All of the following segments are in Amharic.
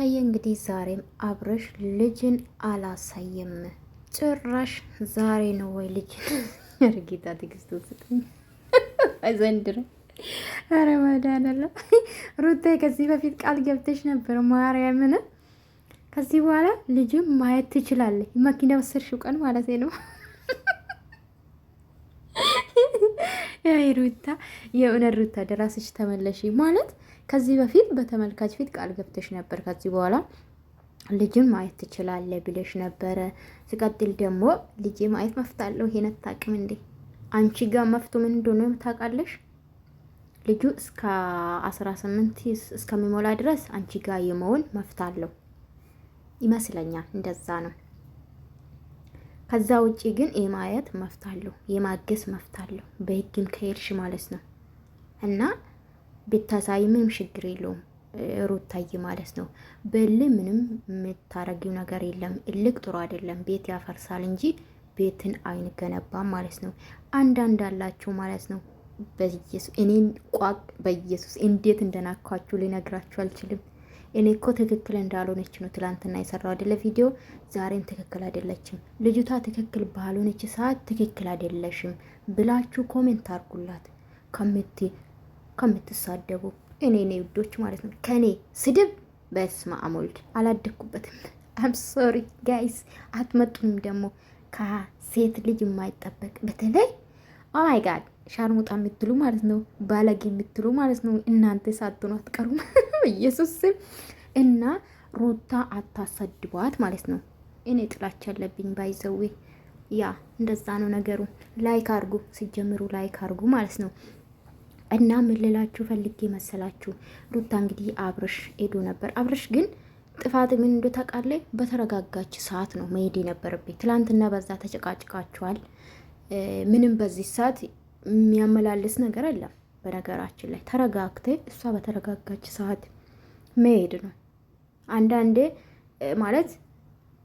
ታየ እንግዲህ ዛሬም አብረሽ ልጅን አላሳየም። ጭራሽ ዛሬ ነው ወይ ልጅን እርጌታ ትግስት ውስጥኝ ዘንድሮ ኧረ መዳንላ ሩታዬ፣ ከዚህ በፊት ቃል ገብተሽ ነበር ማርያምን፣ ከዚህ በኋላ ልጅም ማየት ትችላለች። መኪና ወሰድሽው ቀን ማለት ነው ሩታ የእውነት ሩታ ደራስሽ ተመለሽ ማለት ከዚህ በፊት በተመልካች ፊት ቃል ገብተሽ ነበር። ከዚህ በኋላ ልጅም ማየት ትችላለ ብለሽ ነበረ። ሲቀጥል ደግሞ ልጅ ማየት መፍታለሁ ይሄን አታውቅም እንዴ? አንቺ ጋር መፍቱ ምን እንደሆነ ታውቃለሽ። ልጁ እስከ 18 እስከሚሞላ ድረስ አንቺ ጋር የመሆን መፍታለሁ ይመስለኛል። እንደዛ ነው። ከዛ ውጪ ግን የማየት መፍት አለው፣ የማገስ መፍት አለው። በህግም ከሄድሽ ማለት ነው እና ብታሳይ ምንም ችግር የለውም ሩታይ ማለት ነው። በል ምንም የምታረጊው ነገር የለም። እልቅ ጥሩ አይደለም፣ ቤት ያፈርሳል እንጂ ቤትን አይንገነባም ማለት ነው። አንዳንድ አላችሁ ማለት ነው። በኢየሱስ እኔን ቋቅ በኢየሱስ እንዴት እንደናኳችሁ ሊነግራችሁ አልችልም። እኔ እኮ ትክክል እንዳልሆነች ነው ትላንትና የሰራው አይደለ ቪዲዮ፣ ዛሬም ትክክል አይደለችም ልጅቷ። ትክክል ባልሆነች ሰዓት ትክክል አይደለሽም ብላችሁ ኮሜንት አርጉላት ከምትሳደቡ። እኔ ኔ ውዶች ማለት ነው ከኔ ስድብ በስመ አብ ወልድ አላደግኩበትም። አም ሶሪ ጋይስ አትመጡም። ደግሞ ከሴት ልጅ የማይጠበቅ በተለይ ኦማይ oh ጋድ ሻርሙጣ የምትሉ ማለት ነው፣ ባለጌ የምትሉ ማለት ነው። እናንተ ሳትሆኑ አትቀሩም። ኢየሱስ ስም እና ሩታ አታሳድቧት ማለት ነው። እኔ ጥላቻ ያለብኝ ባይዘዌ ያ እንደዛ ነው ነገሩ። ላይክ አርጉ ሲጀምሩ ላይክ አርጉ ማለት ነው። እና ምን ልላችሁ ፈልጌ መሰላችሁ ሩታ እንግዲህ አብርሽ ሄዶ ነበር። አብርሽ ግን ጥፋት ምን እንደ ታውቃለህ፣ በተረጋጋች ሰዓት ነው መሄድ የነበረብኝ። ትላንትና በዛ ተጨቃጭቃችኋል። ምንም በዚህ ሰዓት የሚያመላልስ ነገር የለም። በነገራችን ላይ ተረጋግተ እሷ በተረጋጋች ሰዓት መሄድ ነው። አንዳንዴ ማለት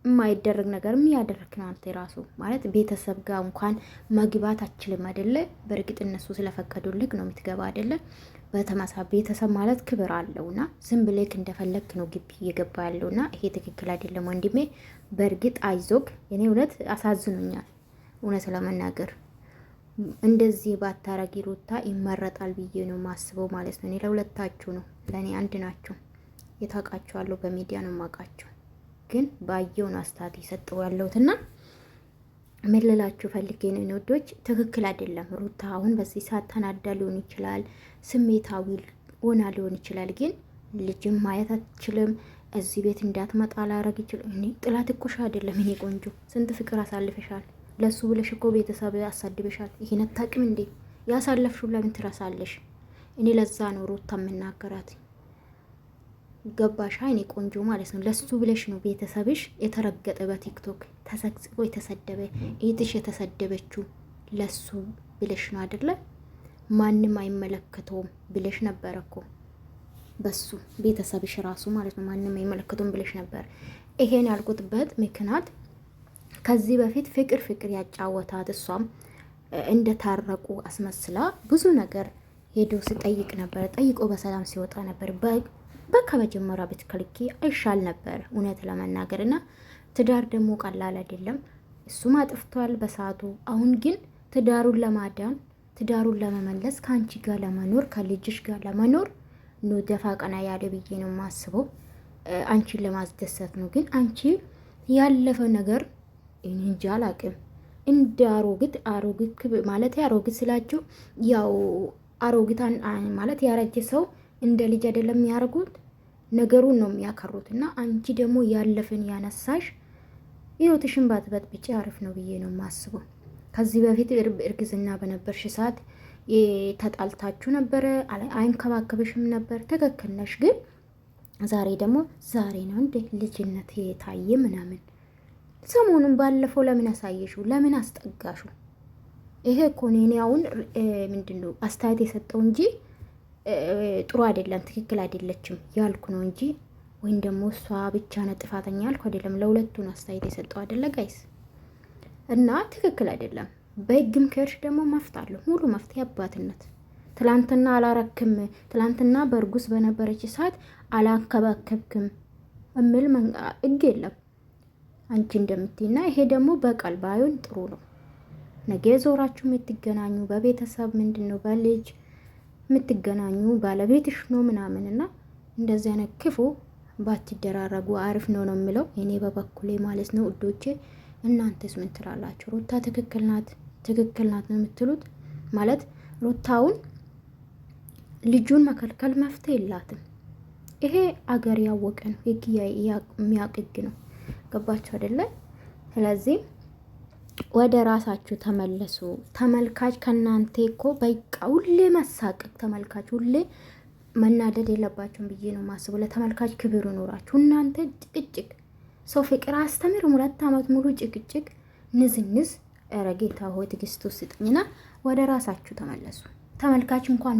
የማይደረግ ነገር የሚያደርግ ናንተ ራሱ ማለት ቤተሰብ ጋር እንኳን መግባት አችልም አይደለ? በእርግጥ እነሱ ስለፈቀዱልክ ነው የምትገባ አይደለ? በተመሳ ቤተሰብ ማለት ክብር አለውና ዝም ብለክ እንደፈለግክ ነው ግቢ እየገባ ያለውና ይሄ ትክክል አይደለም ወንድሜ። በእርግጥ አይዞክ። እኔ እውነት አሳዝኖኛል እውነት ለመናገር እንደዚህ ባታረጊ ሩታ ይመረጣል ብዬ ነው ማስበው ማለት ነው። እኔ ለሁለታችሁ ነው ለእኔ አንድ ናቸው የታውቃቸዋለሁ፣ በሚዲያ ነው የማውቃቸው። ግን ባየውን አስተያየት የሰጠው ያለሁትና ምን ልላችሁ ፈልጌ ነው ወዶች፣ ትክክል አይደለም። ሩታ አሁን በዚህ ሰዓት ተናዳ ሊሆን ይችላል፣ ስሜታዊ ሆና ሊሆን ይችላል። ግን ልጅም ማየት አትችልም። እዚህ ቤት እንዳትመጣ ላረግ ይችላል። እኔ ጥላት እኮሽ አይደለም እኔ ቆንጆ፣ ስንት ፍቅር አሳልፈሻል። ለሱ ብለሽ እኮ ቤተሰብ አሳድበሻል። ይሄን አታውቂም እንዴ? ያሳለፍሽው ለምን ትረሳለሽ? እኔ ለዛ ነው ሩታ የምናገራት። ገባሽ? እኔ ቆንጆ ማለት ነው። ለሱ ብለሽ ነው ቤተሰብሽ የተረገጠ በቲክቶክ ተሰቅስቆ የተሰደበ እህትሽ የተሰደበችው ለሱ ብለሽ ነው አይደለ? ማንም አይመለከተውም ብለሽ ነበር እኮ በሱ ቤተሰብሽ ራሱ ማለት ነው። ማንም አይመለከተውም ብለሽ ነበር። ይሄን ያልኩትበት ምክንያት ከዚህ በፊት ፍቅር ፍቅር ያጫወታት እሷም እንደታረቁ አስመስላ ብዙ ነገር ሄዶ ስጠይቅ ነበር። ጠይቆ በሰላም ሲወጣ ነበር። በካ መጀመሪያ ብትከልኪ አይሻል ነበር እውነት ለመናገር እና ትዳር ደግሞ ቀላል አይደለም። እሱም አጥፍቷል በሰዓቱ። አሁን ግን ትዳሩን ለማዳን ትዳሩን ለመመለስ ከአንቺ ጋር ለመኖር ከልጅሽ ጋር ለመኖር ነው ደፋ ቀና ያለ ብዬ ነው የማስበው። አንቺን ለማስደሰት ነው። ግን አንቺ ያለፈ ነገር እንጂ አላቅም። እንደ አሮግት አሮግክ ማለት አሮግት ስላችሁ ያው አሮግታን ማለት ያረጀ ሰው እንደ ልጅ አይደለም የሚያደርጉት ነገሩን ነው የሚያከሩት። እና አንቺ ደግሞ ያለፍን ያነሳሽ ህይወትሽን ባትበት ብጭ አሪፍ ነው ብዬ ነው የማስበው። ከዚህ በፊት እርግዝና በነበርሽ ሰዓት ተጣልታችሁ ነበረ፣ አይንከባከብሽም ነበር። ትክክል ነሽ። ግን ዛሬ ደግሞ ዛሬ ነው እንደ ልጅነት የታየ ምናምን ሰሞኑን ባለፈው ለምን አሳየሹ? ለምን አስጠጋሹ? ይሄ እኮ እኔ አሁን ምንድን ነው አስተያየት የሰጠው እንጂ ጥሩ አይደለም ትክክል አይደለችም ያልኩ ነው እንጂ ወይም ደግሞ እሷ ብቻ ነው ጥፋተኛ ያልኩ አይደለም። ለሁለቱን አስተያየት የሰጠው አይደለ ጋይስ? እና ትክክል አይደለም። በህግም ከሄድሽ ደግሞ መፍታለሁ ሙሉ መፍትሄ አባትነት ትላንትና አላረክም ትላንትና በእርጉስ በነበረች ሰዓት አላከባከብክም እምል ህግ የለም። አንቺ እንደምትይና ይሄ ደግሞ በቃል ባይሆን ጥሩ ነው። ነገ ዞራችሁ የምትገናኙ በቤተሰብ ምንድን ነው በልጅ የምትገናኙ ባለቤትሽ ነው ምናምን እና እንደዚህ አይነት ክፉ ባትደራረጉ አሪፍ ነው ነው የምለው እኔ በበኩሌ ማለት ነው። እዶቼ እናንተስ ምን ትላላችሁ? ሩታ ትክክል ናት ትክክል ናት ነው የምትሉት? ማለት ሩታውን ልጁን መከልከል መፍትሄ የላትም። ይሄ አገር ያወቀ ነው የሚያውቅ ህግ ነው። ገባችሁ አይደለ? ስለዚህ ወደ ራሳችሁ ተመለሱ። ተመልካች ከእናንተ እኮ በቃ ሁሌ መሳቀቅ፣ ተመልካች ሁሌ መናደድ የለባችሁም ብዬ ነው ማስቡ። ለተመልካች ክብር ይኖራችሁ። እናንተ ጭቅጭቅ፣ ሰው ፍቅር አስተምርም። ሁለት አመት ሙሉ ጭቅጭቅ፣ ንዝንዝ። ኧረ ጌታ ሆይ ትዕግስት ስጥኝና ወደ ራሳችሁ ተመለሱ። ተመልካች እንኳን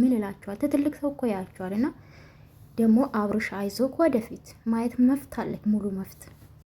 ምን ይላችኋል? ትልቅ ሰው እኮ ያያችኋልና ደግሞ አብርሽ አይዞክ ወደፊት ማየት መፍት አለክ ሙሉ መፍት